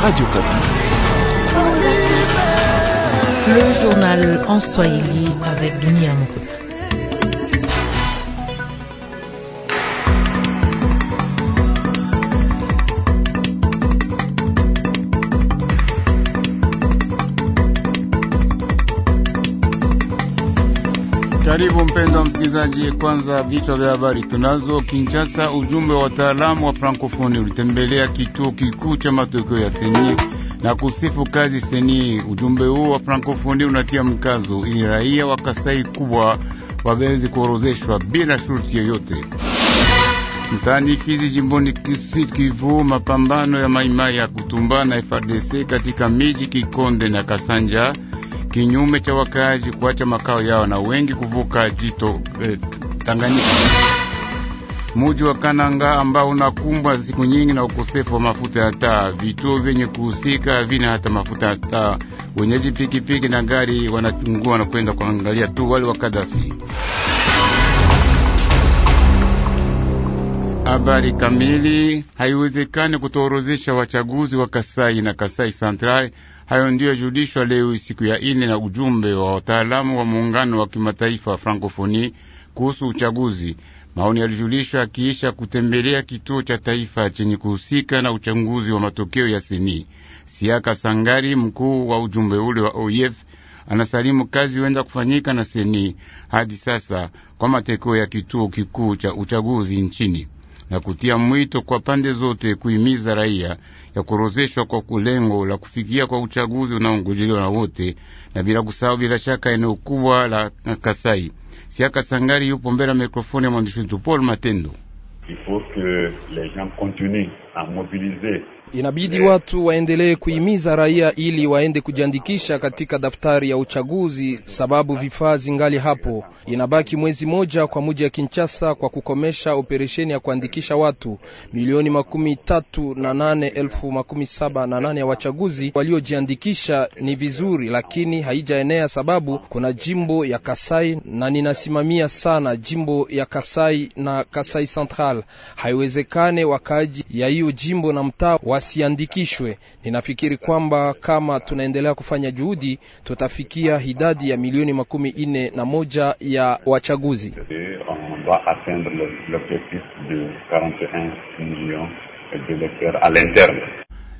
Radio Kapi. Le journal en Swahili avec Dunia Moukout. Karibu mpendwa msikilizaji, kwanza vichwa vya habari tunazo. Kinshasa, ujumbe wa wataalamu wa Frankofoni ulitembelea kituo kikuu cha matokeo ya seni na kusifu kazi seni. Ujumbe huo wa Frankofoni unatia mkazo ili raia wa Kasai kubwa waweze kuorozeshwa bila shurti yoyote. Mtaani Fizi, jimboni Kivu, mapambano ya maimai ya kutumbana na frdc katika miji Kikonde na Kasanja kinyume cha wakazi kuacha makao yao na wengi kuvuka jito eh, Tanganyika. Muji wa Kananga ambao unakumbwa siku nyingi na ukosefu wa mafuta ya taa. Vituo vyenye kuhusika vina hata mafuta ya taa. Wenyeji pikipiki na gari wanachungua na kwenda kuangalia tu wale wa Kadhafi. habari kamili. Haiwezekani kutoorozesha wachaguzi wa Kasai na Kasai Central. Hayo ndiyo yajulishwa leo siku ya ine na ujumbe wa wataalamu wa muungano wa kimataifa Frankofoni kuhusu uchaguzi. Maoni yalijulishwa akiisha kutembelea kituo cha taifa chenye kuhusika na uchanguzi wa matokeo ya seni. Siaka Sangari, mkuu wa ujumbe ule wa OIF, anasalimu kazi huenda kufanyika na seni hadi sasa kwa matokeo ya kituo kikuu cha uchaguzi nchini na kutia mwito kwa pande zote kuhimiza raia ya kurozeshwa kwa kulengo la kufikia kwa uchaguzi unaongojelewa na wote, na bila kusahau bila shaka eneo kubwa la Kasai. Siaka Sangari yupo mbele ya mikrofoni ya mwandishi wetu Paul Matendo. Inabidi watu waendelee kuhimiza raia ili waende kujiandikisha katika daftari ya uchaguzi, sababu vifaa zingali hapo. Inabaki mwezi moja kwa muji ya Kinshasa kwa kukomesha operesheni ya kuandikisha watu milioni makumi tatu na nane elfu makumi saba na nane ya wachaguzi waliojiandikisha. Ni vizuri, lakini haijaenea sababu kuna jimbo ya Kasai na ninasimamia sana jimbo ya Kasai na Kasai Central. Haiwezekane wakaaji ya hiyo jimbo na mtaa wasiandikishwe. Ninafikiri kwamba kama tunaendelea kufanya juhudi, tutafikia idadi ya milioni makumi nne na moja ya wachaguzi.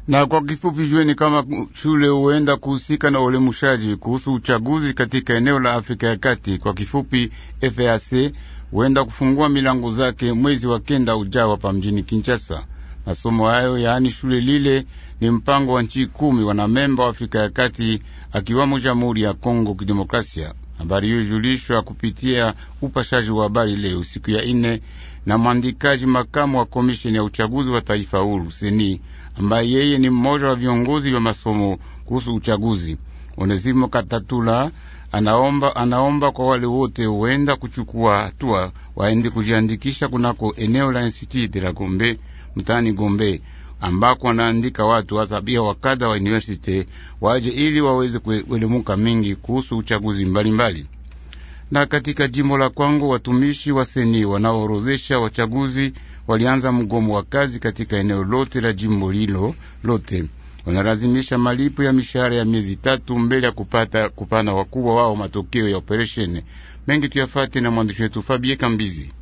Na kwa kifupi, ni kama shule huenda kuhusika na ulemushaji kuhusu uchaguzi katika eneo la Afrika ya Kati. Kwa kifupi, FAC huenda kufungua milango zake mwezi wa kenda ujao hapa mjini Kinshasa. Masomo hayo yaani shule lile ni mpango wa nchi kumi wanamemba wa Afrika ya Kati, akiwamo Jamhuri ya Kongo Kidemokrasia. Habari hiyo ilijulishwa kupitia upashaji wa habari leo siku ya ine na mwandikaji makamu wa komisheni ya uchaguzi wa taifa huru seni, ambaye yeye ni mmoja wa viongozi wa masomo kuhusu uchaguzi. Onesimo Katatula anaomba anaomba kwa wale wote huenda kuchukua hatua waende kujiandikisha kunako eneo la Institut de la Gombe mtaani Gombe ambako wanaandika watu wasabia wakada wa university waje ili waweze kuelemuka mingi kuhusu uchaguzi mbalimbali mbali. Na katika jimbo la Kwango watumishi wa seni wanaoorozesha wachaguzi walianza mgomo wa kazi katika eneo lote la jimbo lilo lote. Wanalazimisha malipo ya mishahara ya miezi tatu mbele ya kupata kupana wakubwa wao matokeo ya operesheni mengi. Tuyafate na mwandishi wetu Fabie Kambizi.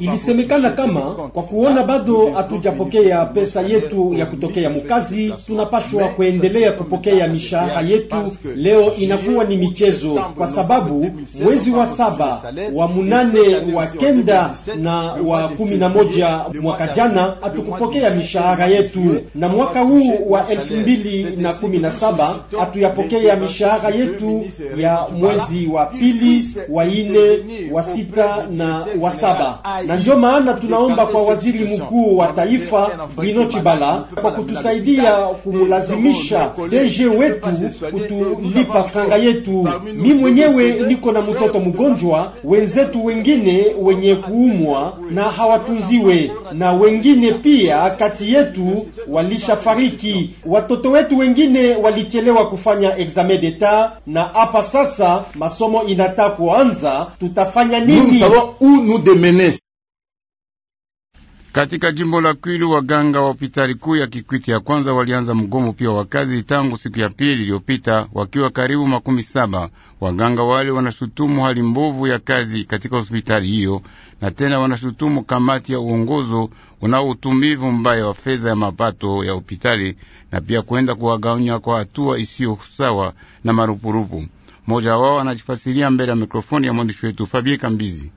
Ilisemekana kama kwa kuona bado hatujapokea pesa yetu ya kutokea mukazi, tunapashwa kuendelea kupokea mishahara yetu. Leo inakuwa ni michezo, kwa sababu mwezi wa saba, wa munane, wa kenda na wa kumi na moja mwaka jana hatukupokea mishahara yetu, na mwaka huu wa elfu mbili na kumi na saba hatuyapokea mishahara yetu ya mwezi wa pili, wa ine wa sita na wa saba, na ndio maana tunaomba kwa waziri mkuu wa taifa Bruno Chibala kwa kutusaidia kumulazimisha DG wetu kutulipa franga yetu. Mi mwenyewe niko na mtoto mgonjwa, wenzetu wengine wenye kuumwa na hawatunziwe, na wengine pia kati yetu walishafariki. Watoto wetu wengine walichelewa kufanya examen d'etat, na hapa sasa masomo inataka kuanza tuta tutafanya nini? Nous Katika jimbo la Kwilu waganga wa hospitali kuu ya Kikwiti ya kwanza walianza mgomo pia wa kazi tangu siku ya pili iliyopita, wakiwa karibu makumi saba. Waganga wale wanashutumu hali mbovu ya kazi katika hospitali hiyo, na tena wanashutumu kamati ya uongozo unao utumivu mbaya wa fedha ya mapato ya hospitali na pia kwenda kuwagawanya kwa hatua isiyo sawa na marupurupu. Mmoja wao anajifasiria mbele ya mikrofoni ya mwandishi wetu Fabie Kambizi.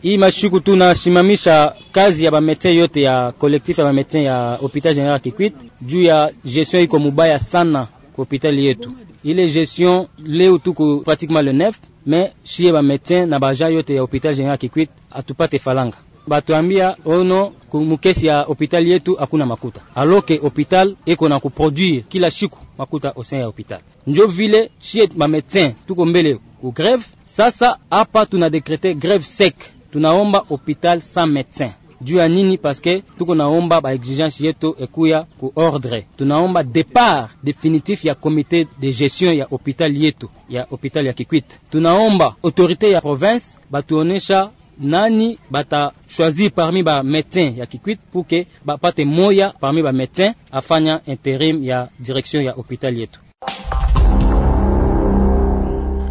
Hii mashuku tunasimamisha kazi ya bametin yote ya kolektif ya bametin ya hopital general Kikwit juu ya gestion iko mubaya sana kwa hopitali yetu ile gestion. Leo tuko pratiquement le nef, mais shie bametin na baja yote ya hopital general Kikwit atupate falanga batuambia ono oh mukesi ya hopitali yetu hakuna makuta, aloke hopital eko na kuproduire kila siku makuta osen ya hopital. Njo vile shie mamedecin tuko mbele ku greve sasa. Hapa tuna dekrete greve sec, tunaomba hopital sans medecin juu ya nini? Paske tuko naomba ba exigence yetu ekuya ku ordre, tunaomba départ définitif ya comité de gestion ya hopital yetu ya hopital ya Kikwit. Tunaomba autorité ya province batuonesha nani batashwazi parmi ba metin ya Kikwit puke bapate moya parmi ba metin afanya interim ya direction ya hospitali yetu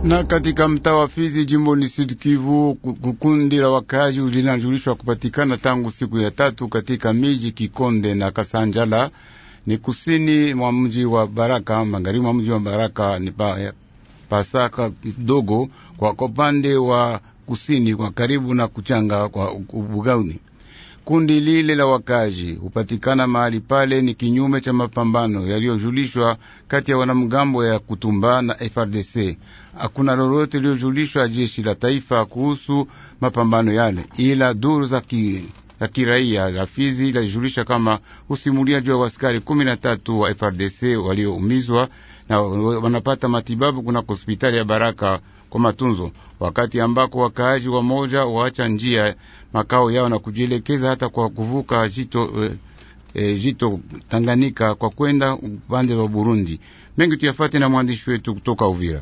na katika mtaa wa Fizi jimboni Sud Kivu, kukundi la wakazi linajulishwa kupatikana tangu siku ya tatu katika miji Kikonde na Kasanjala ni kusini mwa mji wa Baraka, magharibi mwa mji wa Baraka ni pa, pasaka kidogo kwa upande wa kusini kwa karibu na kuchanga kwa Ubugauni. Kundi lile la wakaji hupatikana mahali pale ni kinyume cha mapambano yaliyojulishwa kati ya wanamgambo ya Kutumba na FRDC. Hakuna lolote iliyojulishwa jeshi la taifa kuhusu mapambano yale, ila duru za kile la kiraia la Fizi lalijulisha kama usimulia juu ya askari kumi na tatu wa FRDC walioumizwa na wanapata matibabu kuna hospitali ya Baraka kwa matunzo, wakati ambako wakaaji wamoja waacha njia makao yao na kujielekeza hata kwa kuvuka jito E, jito Tanganyika kwa kwenda upande wa Burundi. Mengi tuyafate na mwandishi wetu kutoka Uvira.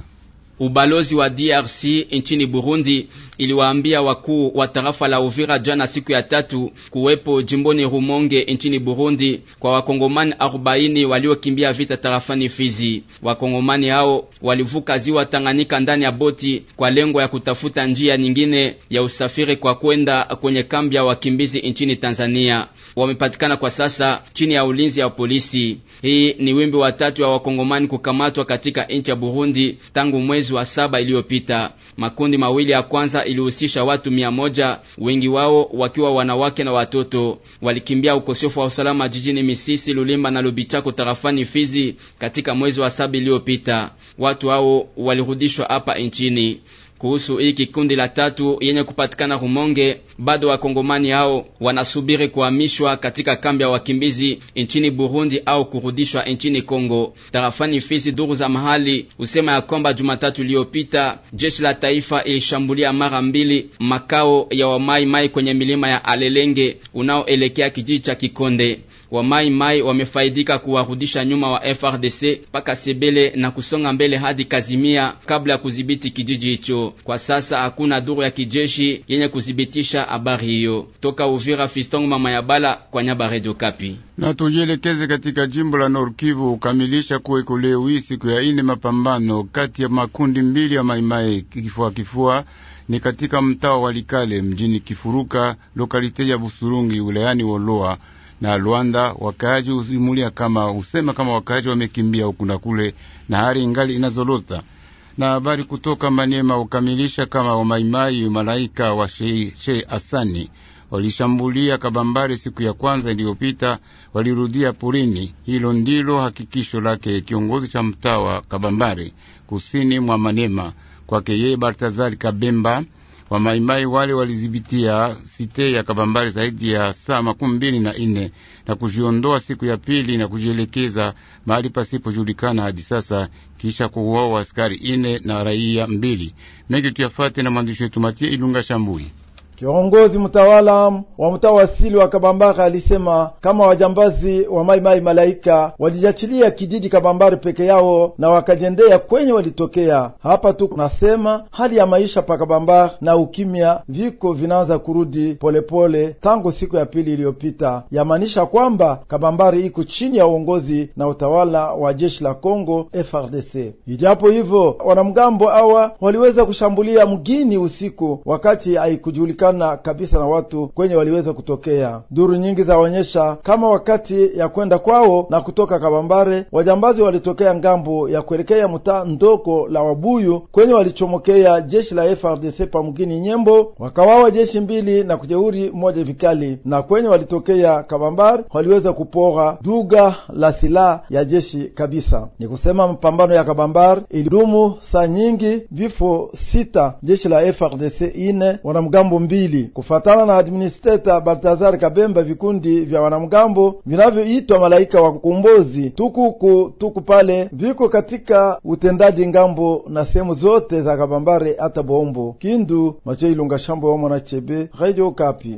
Ubalozi wa DRC nchini Burundi iliwaambia wakuu wa tarafa la Uvira jana siku ya tatu kuwepo jimboni Rumonge nchini Burundi kwa wakongomani 40 waliokimbia vita tarafani Fizi. Wakongomani hao walivuka ziwa Tanganyika ndani ya boti kwa lengo ya kutafuta njia nyingine ya usafiri kwa kwenda kwenye kambi ya wakimbizi nchini Tanzania. Wamepatikana kwa sasa chini ya ulinzi ya polisi. Hii ni wimbi wa tatu ya wakongomani kukamatwa katika nchi ya Burundi tangu mwezi mwezi wa saba iliyopita. Makundi mawili ya kwanza ilihusisha watu mia moja, wengi wao wakiwa wanawake na watoto. Walikimbia ukosefu wa usalama jijini Misisi, Lulimba na Lubichako tarafani Fizi katika mwezi wa saba iliyopita. Watu hao walirudishwa hapa nchini. Kuhusu hii kikundi la tatu yenye kupatikana Rumonge, bado wakongomani hao wanasubiri kuhamishwa katika kambi ya wakimbizi nchini Burundi au kurudishwa nchini Kongo. Tarafani Fizi, duru za mahali husema ya kwamba Jumatatu iliyopita jeshi la taifa ilishambulia mara mbili makao ya wamaimai kwenye milima ya Alelenge unaoelekea kijiji cha Kikonde wa Mai Mai wamefaidika kuwarudisha nyuma wa FRDC mpaka Sebele na kusonga mbele hadi Kazimia kabla ya kudhibiti kijiji hicho. Kwa sasa hakuna duru ya kijeshi yenye kudhibitisha habari hiyo. Toka Uvira, Fiston mama ya Bala kwa Nyaba, Radio Kapi. Na tujielekeze katika jimbo la Nord Kivu kukamilisha kuweko leo hii siku ya ine mapambano kati ya makundi mbili ya Mai Mai kifua kifua ni katika mtaa wa Likale mjini Kifuruka, lokalite ya Busurungi wilayani Woloa na Rwanda. Wakaaji usimulia kama usema kama wakaaji wamekimbia huku na kule, na hali ingali inazorota. Na habari kutoka Maniema ukamilisha kama wamaimai malaika wa Sheikh hasani Asani walishambulia Kabambare siku ya kwanza iliyopita, walirudia porini. Hilo ndilo hakikisho lake kiongozi cha mtaa wa Kabambare kusini mwa Manema, kwake yeye Bartazari Kabemba wa maimai wale walizibitia site ya kabambari zaidi ya saa makumi mbili na ine na kujiondoa siku ya pili na kujielekeza mahali pasipojulikana hadi sasa, kisha kuuawa askari ine na raia mbili. Mengi tuyafate na mwandishi wetu Matia Ilunga Shambui. Kiongozi mtawala wa mtaa wa Kabambare alisema kama wajambazi wa Mai Mai Malaika walijachilia kijiji kabambari peke yao na wakajendea kwenye walitokea. Hapa tu nasema hali ya maisha pa Kabambare na ukimya viko vinaanza kurudi polepole pole, tangu siku ya pili iliyopita, yamaanisha kwamba kabambari iko chini ya uongozi na utawala wa jeshi la Kongo frdc Ijapo hivyo wanamgambo hawa waliweza kushambulia mgini usiku wakati haikujulikana kupatikana kabisa na watu kwenye waliweza kutokea. Duru nyingi zaonyesha kama wakati ya kwenda kwao na kutoka Kabambare, wajambazi walitokea ngambo ya kuelekea mtaa ndoko la Wabuyu kwenye walichomokea jeshi la FRDC pa mgini Nyembo, wakawawa jeshi mbili na kujeuri moja vikali, na kwenye walitokea Kabambare waliweza kupora duga la silaha ya jeshi kabisa. Ni kusema mapambano ya Kabambare ilidumu saa nyingi, vifo sita jeshi la FRDC ine wanamgambo mbili mbili. Kufatana na administrator Baltazar Kabemba, vikundi vya wanamgambo vinavyoitwa malaika wa kukombozi tukuku tuku pale viko katika utendaji ngambo na sehemu zote za Kabambare hata Bombo, Kindu, Macho Ilunga, Shambo wa Mwanachebe, Radio Kapi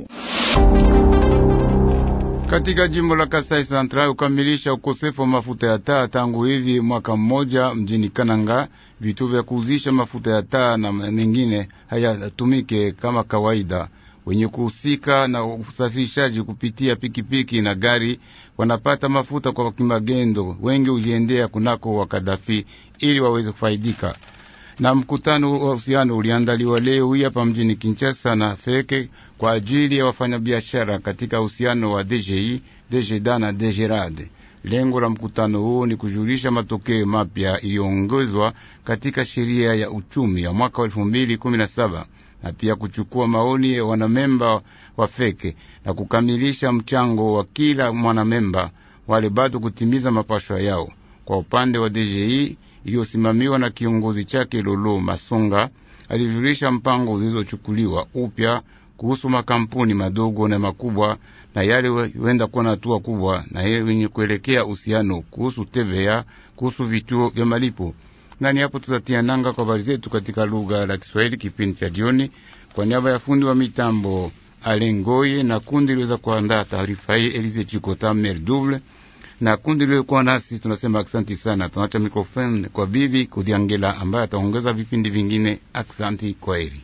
katika jimbo la Kasai Central ukamilisha ukosefu wa mafuta ya taa tangu hivi mwaka mmoja mjini Kananga. vitu vya kuuzisha mafuta ya taa na mengine hayatumike kama kawaida. Wenye kuhusika na usafirishaji kupitia pikipiki na gari wanapata mafuta kwa kimagendo, wengi hujiendea kunako wa Kadafi ili waweze kufaidika. Na mkutano wa uhusiano uliandaliwa leo hii hapa mjini Kinshasa na Feke kwa ajili ya wafanyabiashara katika uhusiano wa DGI, DGDA na DGRAD. Lengo la mkutano huo ni kujulisha matokeo mapya iliyoongezwa katika sheria ya uchumi ya mwaka wa 217 na na pia kuchukua maoni ya wanamemba wa Feke na kukamilisha mchango wa kila mwanamemba, wale bado kutimiza mapashwa yao. Kwa upande wa DGI e, iliyosimamiwa na kiongozi chake Lolo Masunga, alijulisha mpango zilizochukuliwa upya kuhusu makampuni madogo na makubwa na yale huenda kuwa na hatua kubwa na wenye kuelekea uhusiano kuhusu TVA, kuhusu vituo vya malipo. Nani hapo tutatia nanga kwa habari zetu katika lugha la Kiswahili kipindi cha jioni. Kwa niaba ya fundi wa mitambo Alengoye na kundi liweza kuandaa taarifa hii Elize Chikota Merdouble na kundi lilikuwa nasi. Tunasema aksanti sana. Tunacha mikrofoni kwa bibi Kudiangela ambaye ataongeza vipindi vingine. Aksanti, heri.